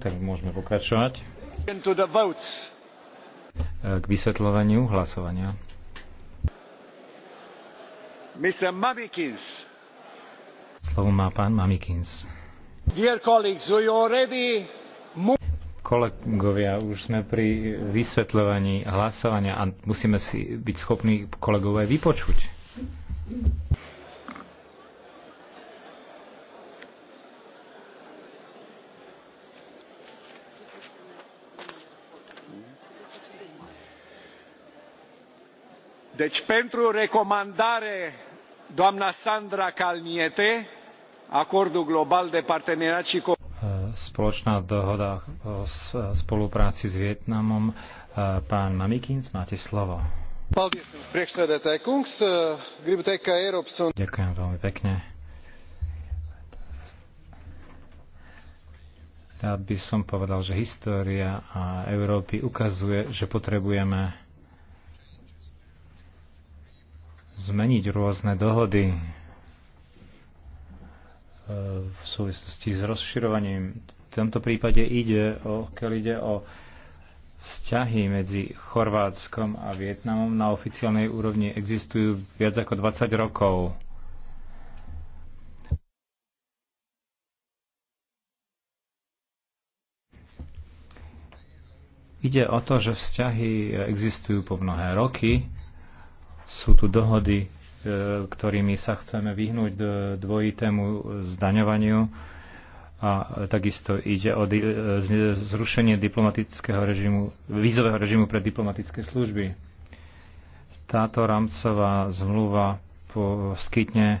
Tak môžeme pokračovať. K vysvetľovaniu hlasovania. Mr. Mamikins. Slovo má pán Mamikins. Dear colleagues, we already Kolegovia, už sme pri vysvetľovaní hlasovania a musíme si byť schopní kolegové vypočuť. deci pentru recomandare doamna Sandra acordul global de parteneriat și e, spoločná dohoda o e, spolupráci s Vietnamom. E, pán Mamikins, máte slovo. Ďakujem veľmi pekne. Rád by som povedal, že história a Európy ukazuje, že potrebujeme zmeniť rôzne dohody e, v súvislosti s rozširovaním. V tomto prípade ide o, keď ide o vzťahy medzi Chorvátskom a Vietnamom na oficiálnej úrovni existujú viac ako 20 rokov. Ide o to, že vzťahy existujú po mnohé roky sú tu dohody, e, ktorými sa chceme vyhnúť dvojitému zdaňovaniu a takisto ide o e, zrušenie diplomatického režimu, vízového režimu pre diplomatické služby. Táto rámcová zmluva poskytne e,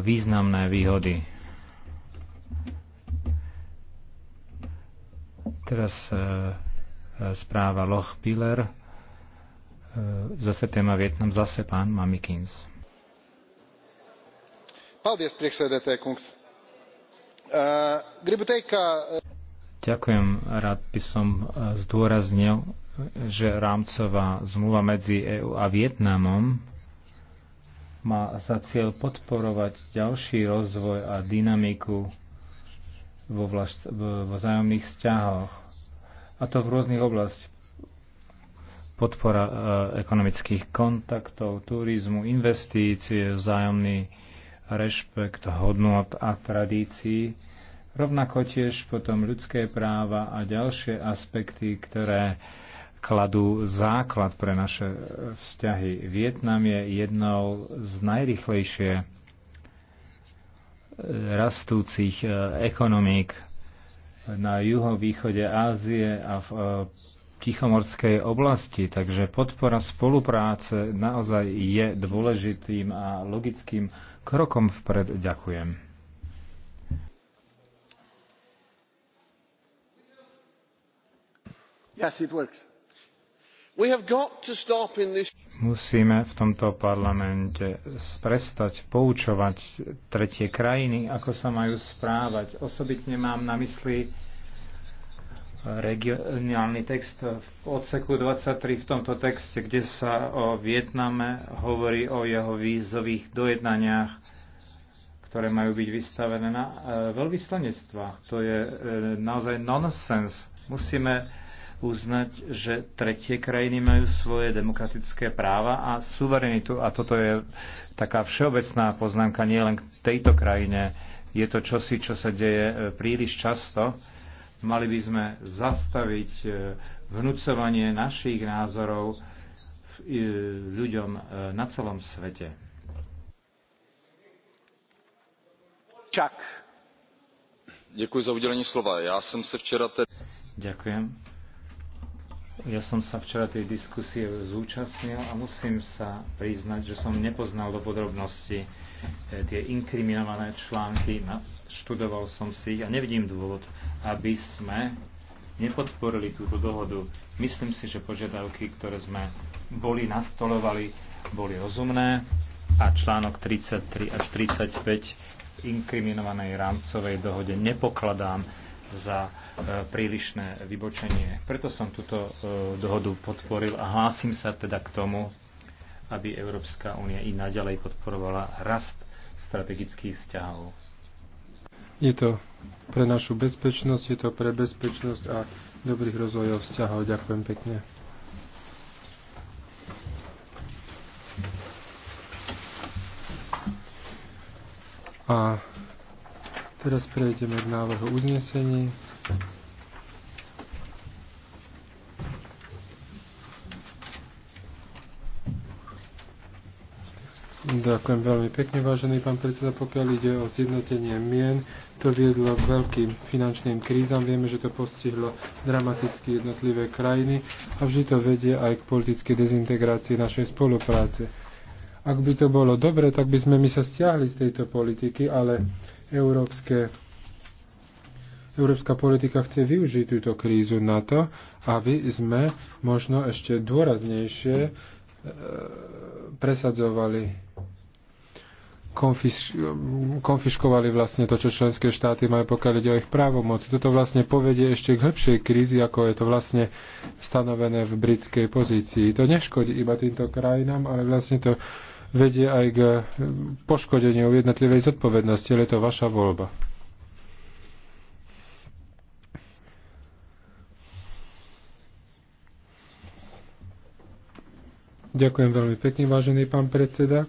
významné výhody. Teraz správa Loch Piller E, zase téma Vietnam, zase pán Mamikins. E, e, Ďakujem, rád by som zdôraznil, že rámcová zmluva medzi EÚ a Vietnamom má za cieľ podporovať ďalší rozvoj a dynamiku vo, vo vzájomných vzťahoch. A to v rôznych oblastiach podpora e, ekonomických kontaktov, turizmu, investície, vzájomný rešpekt hodnot a tradícií, rovnako tiež potom ľudské práva a ďalšie aspekty, ktoré kladú základ pre naše vzťahy. Vietnam je jednou z najrychlejšie e, rastúcich e, ekonomík na juhovýchode Ázie a v Tichomorskej oblasti, takže podpora spolupráce naozaj je dôležitým a logickým krokom vpred. Ďakujem. Yes, it works. We have got to stop in this... Musíme v tomto parlamente sprestať poučovať tretie krajiny, ako sa majú správať. Osobitne mám na mysli regionálny text v odseku 23 v tomto texte, kde sa o Vietname hovorí o jeho vízových dojednaniach, ktoré majú byť vystavené na e, veľvyslanectvách. To je e, naozaj nonsens. Musíme uznať, že tretie krajiny majú svoje demokratické práva a suverenitu. A toto je taká všeobecná poznámka nielen k tejto krajine. Je to čosi, čo sa deje e, príliš často Mali by sme zastaviť e, vnúcovanie našich názorov e, ľuďom e, na celom svete. Čak. Ďakujem za udelenie slova. Ja som sa včera... Te... Ďakujem ja som sa včera tej diskusie zúčastnil a musím sa priznať, že som nepoznal do podrobnosti e, tie inkriminované články, študoval som si ich a nevidím dôvod, aby sme nepodporili túto dohodu. Myslím si, že požiadavky, ktoré sme boli nastolovali, boli rozumné a článok 33 až 35 inkriminovanej rámcovej dohode nepokladám za e, prílišné vybočenie. Preto som túto e, dohodu podporil a hlásim sa teda k tomu, aby Európska únia i naďalej podporovala rast strategických vzťahov. Je to pre našu bezpečnosť, je to pre bezpečnosť a dobrých rozvojov vzťahov. Ďakujem pekne. A Teraz prejdeme k návrhu uznesení. Ďakujem veľmi pekne, vážený pán predseda. Pokiaľ ide o zjednotenie mien, to viedlo k veľkým finančným krízam. Vieme, že to postihlo dramaticky jednotlivé krajiny a vždy to vedie aj k politickej dezintegrácii našej spolupráce. Ak by to bolo dobre, tak by sme my sa stiahli z tejto politiky, ale Európske, európska politika chce využiť túto krízu na to, aby sme možno ešte dôraznejšie e, presadzovali konfiškovali vlastne to, čo členské štáty majú, pokiaľ ide o ich právomoci. Toto vlastne povedie ešte k hĺbšej krízi, ako je to vlastne stanovené v britskej pozícii. To neškodí iba týmto krajinám, ale vlastne to vedie aj k eh, poškodeniu jednotlivej zodpovednosti, ale je to vaša voľba. Ďakujem veľmi pekne, vážený pán predseda.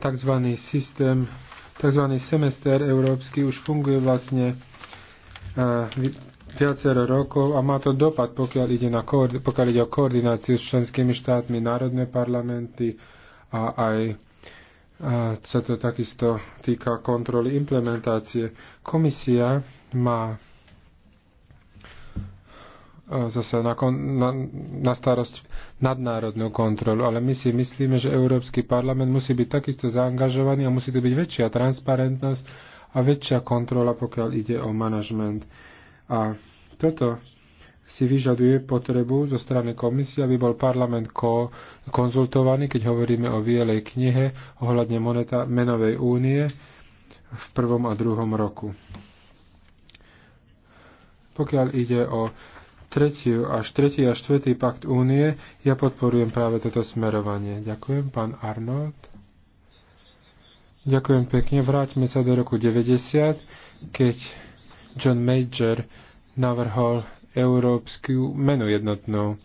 Takzvaný systém, takzvaný semester európsky už funguje vlastne eh, viacero rokov a má to dopad, pokiaľ ide, na, pokiaľ ide o koordináciu s členskými štátmi, národné parlamenty, a aj a e, sa to takisto týka kontroly implementácie. Komisia má e, zase na, kon, na, na starosť nadnárodnú kontrolu, ale my si myslíme, že Európsky parlament musí byť takisto zaangažovaný a musí to byť väčšia transparentnosť a väčšia kontrola, pokiaľ ide o manažment. A toto si vyžaduje potrebu zo strany komisie, aby bol parlament ko- konzultovaný, keď hovoríme o Bielej knihe ohľadne moneta- menovej únie v prvom a druhom roku. Pokiaľ ide o tretiu až tretí a štvrtý pakt únie, ja podporujem práve toto smerovanie. Ďakujem, pán Arnold. Ďakujem pekne. Vráťme sa do roku 90, keď John Major navrhol európsku menu jednotnú,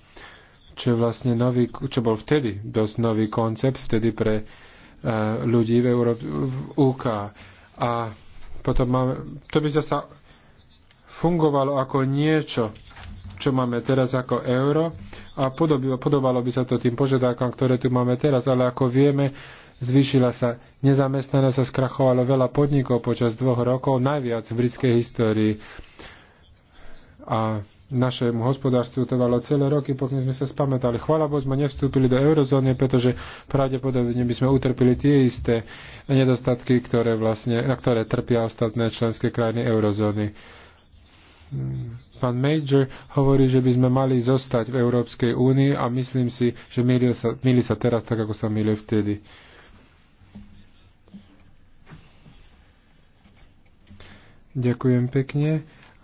čo, vlastne nový, čo bol vtedy dosť nový koncept, vtedy pre uh, ľudí v, Euró- v UK. A potom máme, to by sa fungovalo ako niečo, čo máme teraz ako euro a podobalo by sa to tým požiadavkám, ktoré tu máme teraz, ale ako vieme, zvýšila sa nezamestnanosť a skrachovalo veľa podnikov počas dvoch rokov, najviac v britskej histórii. A našemu hospodárstvu trvalo celé roky, pokým sme sa spamätali. Chvala Bohu, sme nevstúpili do eurozóny, pretože pravdepodobne by sme utrpili tie isté nedostatky, ktoré vlastne, na ktoré trpia ostatné členské krajiny eurozóny. Pán Major hovorí, že by sme mali zostať v Európskej únii a myslím si, že milí sa, milí sa teraz tak, ako sa milí vtedy. Ďakujem pekne.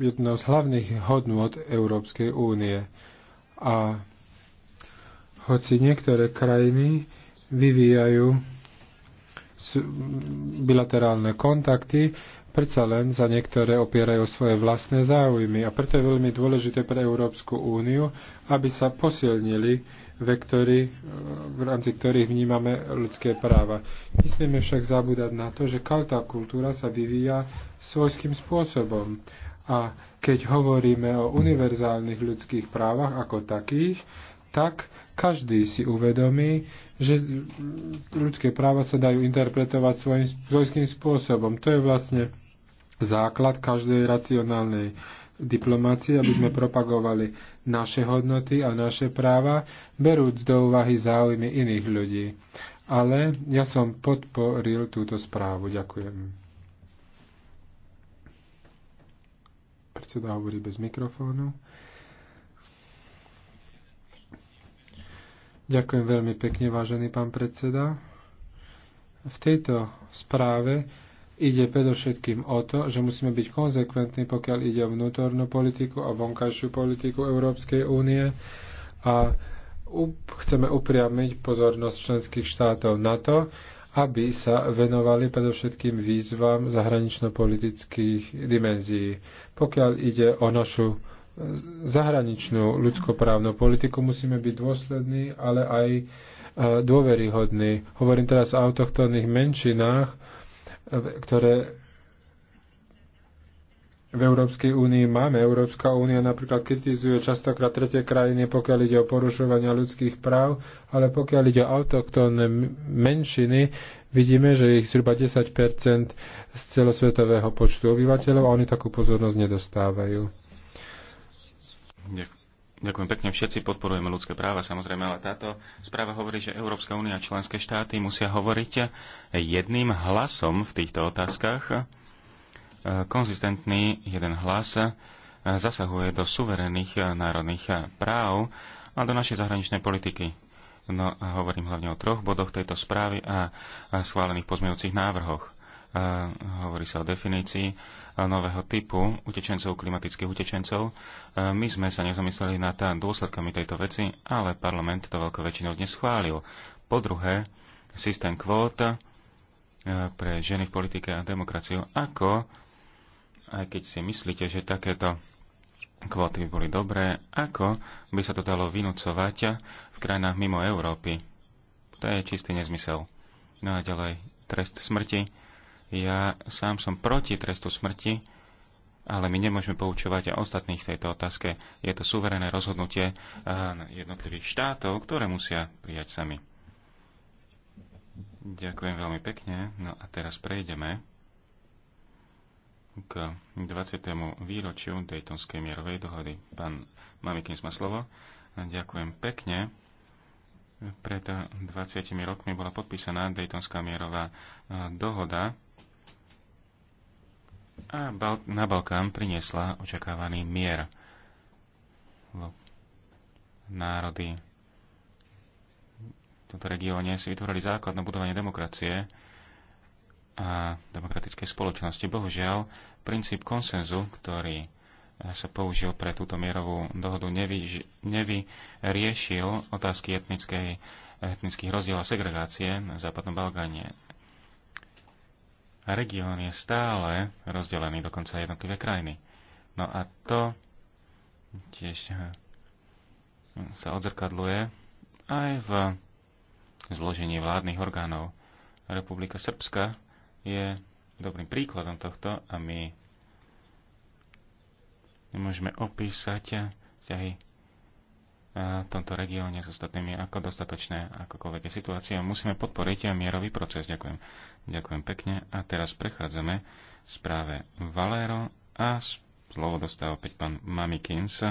jednou z hlavných hodnôt Európskej únie. A hoci niektoré krajiny vyvíjajú bilaterálne kontakty, predsa len za niektoré opierajú svoje vlastné záujmy. A preto je veľmi dôležité pre Európsku úniu, aby sa posilnili vektory, v rámci ktorých vnímame ľudské práva. Nesmieme však zabúdať na to, že každá kultúra sa vyvíja svojským spôsobom. A keď hovoríme o univerzálnych ľudských právach ako takých, tak každý si uvedomí, že ľudské práva sa dajú interpretovať svojím, svojským spôsobom. To je vlastne základ každej racionálnej diplomácie, aby sme propagovali naše hodnoty a naše práva, berúc do úvahy záujmy iných ľudí. Ale ja som podporil túto správu. Ďakujem. Predseda hovorí bez mikrofónu. Ďakujem veľmi pekne, vážený pán predseda. V tejto správe ide predovšetkým o to, že musíme byť konzekventní, pokiaľ ide o vnútornú politiku a vonkajšiu politiku Európskej únie a chceme upriamiť pozornosť členských štátov na to, aby sa venovali predovšetkým výzvam zahranično-politických dimenzií. Pokiaľ ide o našu e, zahraničnú ľudskoprávnu politiku, musíme byť dôslední, ale aj e, dôveryhodní. Hovorím teraz o autochtónnych menšinách, e, ktoré v Európskej únii máme. Európska únia napríklad kritizuje častokrát tretie krajiny, pokiaľ ide o porušovania ľudských práv, ale pokiaľ ide o autoktónne menšiny, vidíme, že ich zhruba 10 z celosvetového počtu obyvateľov a oni takú pozornosť nedostávajú. Ďakujem pekne. Všetci podporujeme ľudské práva, samozrejme, ale táto správa hovorí, že Európska únia a členské štáty musia hovoriť jedným hlasom v týchto otázkach konzistentný jeden hlas eh, zasahuje do suverénnych eh, národných eh, práv a do našej zahraničnej politiky. No a hovorím hlavne o troch bodoch tejto správy a schválených pozmejúcich návrhoch. A hovorí sa o definícii nového typu utečencov, klimatických utečencov. My sme sa nezamysleli nad dôsledkami tejto veci, ale parlament to veľkou väčšinou dnes schválil. Po druhé, systém kvót pre ženy v politike a demokraciu ako aj keď si myslíte, že takéto kvóty by boli dobré, ako by sa to dalo vynúcovať v krajinách mimo Európy. To je čistý nezmysel. No a ďalej, trest smrti. Ja sám som proti trestu smrti, ale my nemôžeme poučovať aj ostatných v tejto otázke. Je to suverené rozhodnutie eh, jednotlivých štátov, ktoré musia prijať sami. Ďakujem veľmi pekne. No a teraz prejdeme k 20. výročiu Daytonskej mierovej dohody. Pán Mamikins má slovo. Ďakujem pekne. Pred 20 rokmi bola podpísaná Daytonská mierová e, dohoda a na Balkán priniesla očakávaný mier. Národy v tomto regióne si vytvorili základ na budovanie demokracie, a demokratickej spoločnosti. Bohužiaľ, princíp konsenzu, ktorý eh, sa použil pre túto mierovú dohodu, nevy, nevyriešil otázky etnickej, etnických rozdielov a segregácie na Západnom Balgáne. Región je stále rozdelený, dokonca jednotlivé krajiny. No a to tiež eh, sa odzrkadluje aj v zložení vládnych orgánov. Republika Srbska je dobrým príkladom tohto a my nemôžeme opísať vzťahy v tomto regióne s ostatnými ako dostatočné, akokoľvek je situácia. Musíme podporiť a mierový proces. Ďakujem. Ďakujem pekne. A teraz prechádzame správe Valero a slovo dostáva opäť pán Mamikins.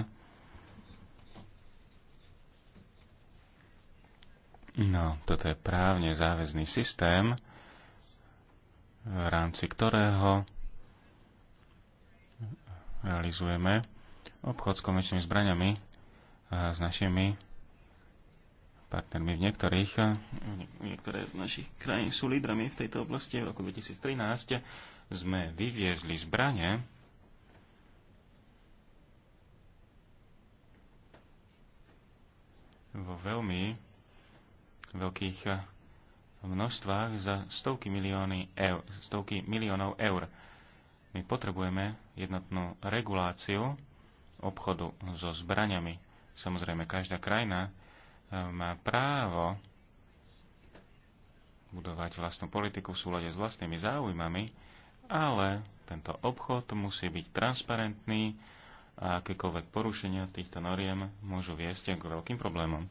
No, toto je právne záväzný systém, v rámci ktorého realizujeme obchod s komerčnými zbraniami s našimi partnermi v niektorých, niektoré z našich krajín sú lídrami v tejto oblasti. V roku 2013 sme vyviezli zbranie vo veľmi veľkých množstvách za stovky, milióny eur, stovky miliónov eur. My potrebujeme jednotnú reguláciu obchodu so zbraniami. Samozrejme, každá krajina eh, má právo budovať vlastnú politiku v súlade s vlastnými záujmami, ale tento obchod musí byť transparentný a akékoľvek porušenia týchto noriem môžu viesť k veľkým problémom.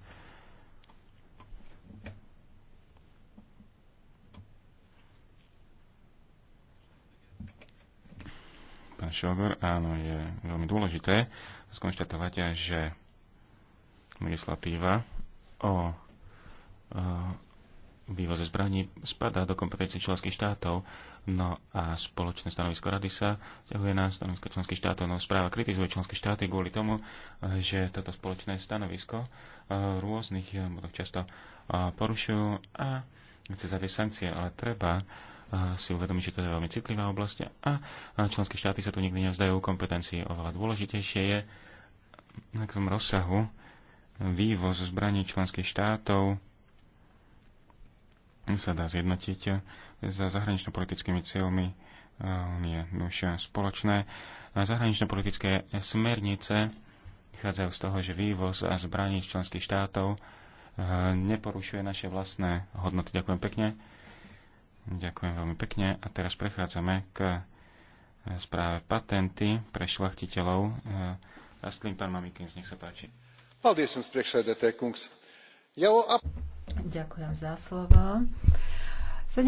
pán Šogor, áno, je veľmi dôležité skonštatovať, že legislatíva o, vývoze zbraní spadá do kompetencie členských štátov, no a spoločné stanovisko Rady sa ťahuje na stanovisko členských štátov. No správa kritizuje členské štáty kvôli tomu, že toto spoločné stanovisko e, rôznych e, často e, porušujú a chce zaviesť sankcie, ale treba si uvedomiť, že to je veľmi citlivá oblasť a členské štáty sa tu nikdy nevzdajú kompetencii Oveľa dôležitejšie je, na tom rozsahu vývoz zbraní členských štátov sa dá zjednotiť za zahranično-politickými cieľmi nie už spoločné. Zahranično-politické smernice vychádzajú z toho, že vývoz a zbraní členských štátov e, neporušuje naše vlastné hodnoty. Ďakujem pekne. Ďakujem veľmi pekne. A teraz prechádzame k eh, správe patenty pre šlachtiteľov. Eh, rastlín pán Mamikin, nech sa páči. Ďakujem za slovo. 17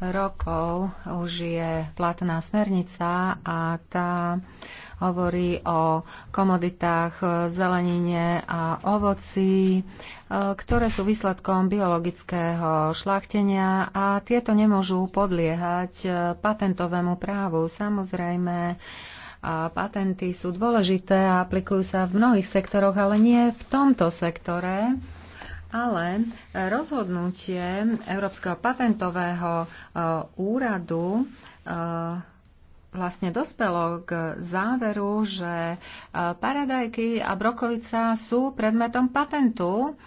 rokov už je platná smernica a tá hovorí o komoditách, zelenine a ovoci, e, ktoré sú výsledkom biologického šlachtenia a tieto nemôžu podliehať e, patentovému právu. Samozrejme, a e, patenty sú dôležité a aplikujú sa v mnohých sektoroch, ale nie v tomto sektore. Ale rozhodnutie Európskeho patentového úradu vlastne dospelo k záveru, že e, paradajky a brokolica sú predmetom patentu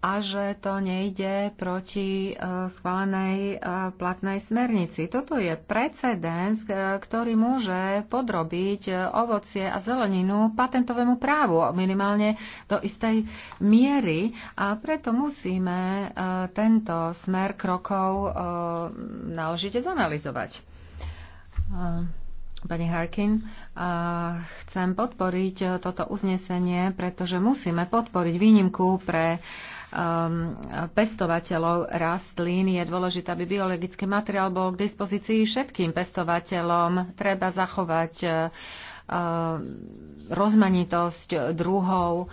a že to nejde proti e, schválenej e, platnej smernici. Toto je precedens, ktorý môže podrobiť ovocie a zeleninu patentovému právu minimálne do istej miery a preto musíme tento smer krokov náležite zanalizovať pani Harkin. Chcem podporiť e, toto uznesenie, pretože musíme podporiť výnimku pre e, pestovateľov rastlín. Je dôležité, aby biologický materiál bol k dispozícii všetkým pestovateľom. Treba zachovať e, rozmanitosť druhov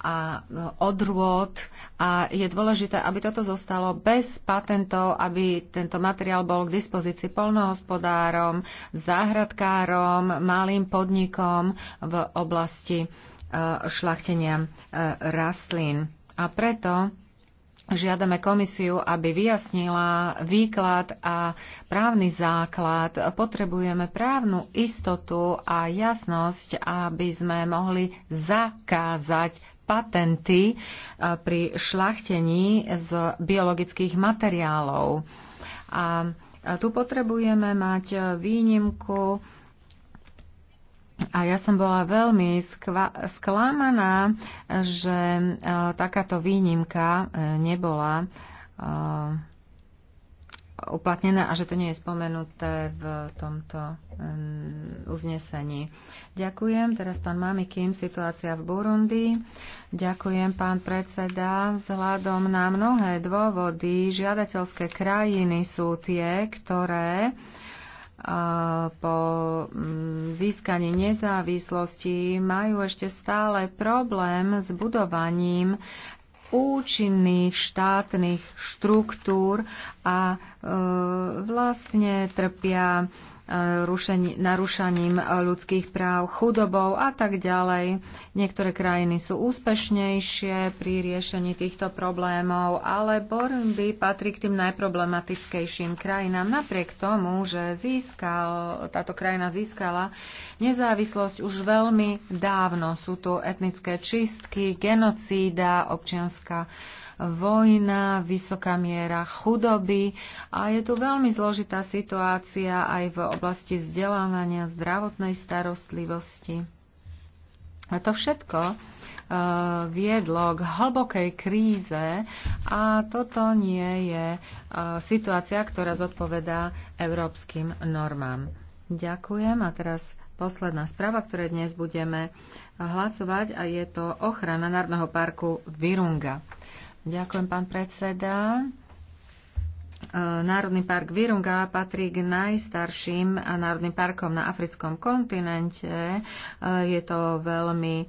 a e, odrôd a je dôležité, aby toto zostalo bez patentov, aby tento materiál bol k dispozícii polnohospodárom, záhradkárom, malým podnikom v oblasti e, šlachtenia e, rastlín. A preto Žiadame komisiu, aby vyjasnila výklad a právny základ. Potrebujeme právnu istotu a jasnosť, aby sme mohli zakázať patenty e, pri šlachtení z biologických materiálov. A e, tu potrebujeme mať e, výnimku a ja som bola veľmi sklamaná, že takáto výnimka nebola uplatnená a že to nie je spomenuté v tomto uznesení. Ďakujem. Teraz pán Mamikin, situácia v Burundi. Ďakujem, pán predseda. Vzhľadom na mnohé dôvody žiadateľské krajiny sú tie, ktoré po mm, získaní nezávislosti majú ešte stále problém s budovaním účinných štátnych štruktúr a e, vlastne trpia narušaním ľudských práv, chudobou a tak ďalej. Niektoré krajiny sú úspešnejšie pri riešení týchto problémov, ale Burundi patrí k tým najproblematickejším krajinám. Napriek tomu, že získal, táto krajina získala nezávislosť už veľmi dávno. Sú tu etnické čistky, genocída, občianská vojna, vysoká miera chudoby a je tu veľmi zložitá situácia aj v oblasti vzdelávania, zdravotnej starostlivosti. A to všetko e, viedlo k hlbokej kríze a toto nie je e, situácia, ktorá zodpovedá európskym normám. Ďakujem a teraz posledná správa, ktoré dnes budeme hlasovať a je to ochrana Národného parku Virunga. Ďakujem, pán predseda. E, Národný park Virunga patrí k najstarším národným parkom na africkom kontinente. E, je to veľmi e,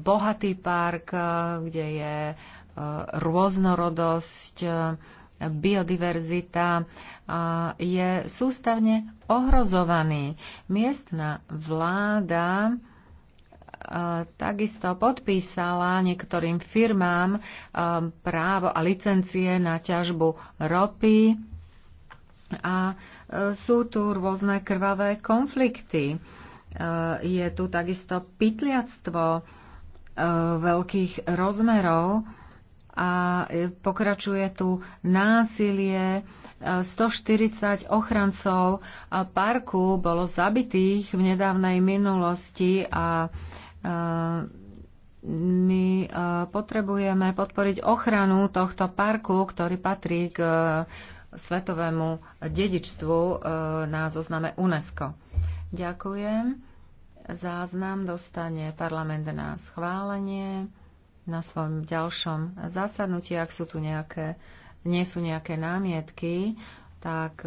bohatý park, kde je rôznorodosť, biodiverzita. Je sústavne ohrozovaný. Miestna vláda E, takisto podpísala niektorým firmám e, právo a licencie na ťažbu ropy a e, sú tu rôzne krvavé konflikty. Je tu takisto pytliactvo veľkých rozmerov a pokračuje tu násilie. 140 ochrancov parku bolo zabitých v nedávnej minulosti a my e, potrebujeme podporiť ochranu tohto parku, ktorý patrí k e, svetovému dedičstvu e, na zozname UNESCO. Ďakujem. Záznam dostane parlament na schválenie na svojom ďalšom zasadnutí, ak sú tu nejaké, nie sú nejaké námietky, tak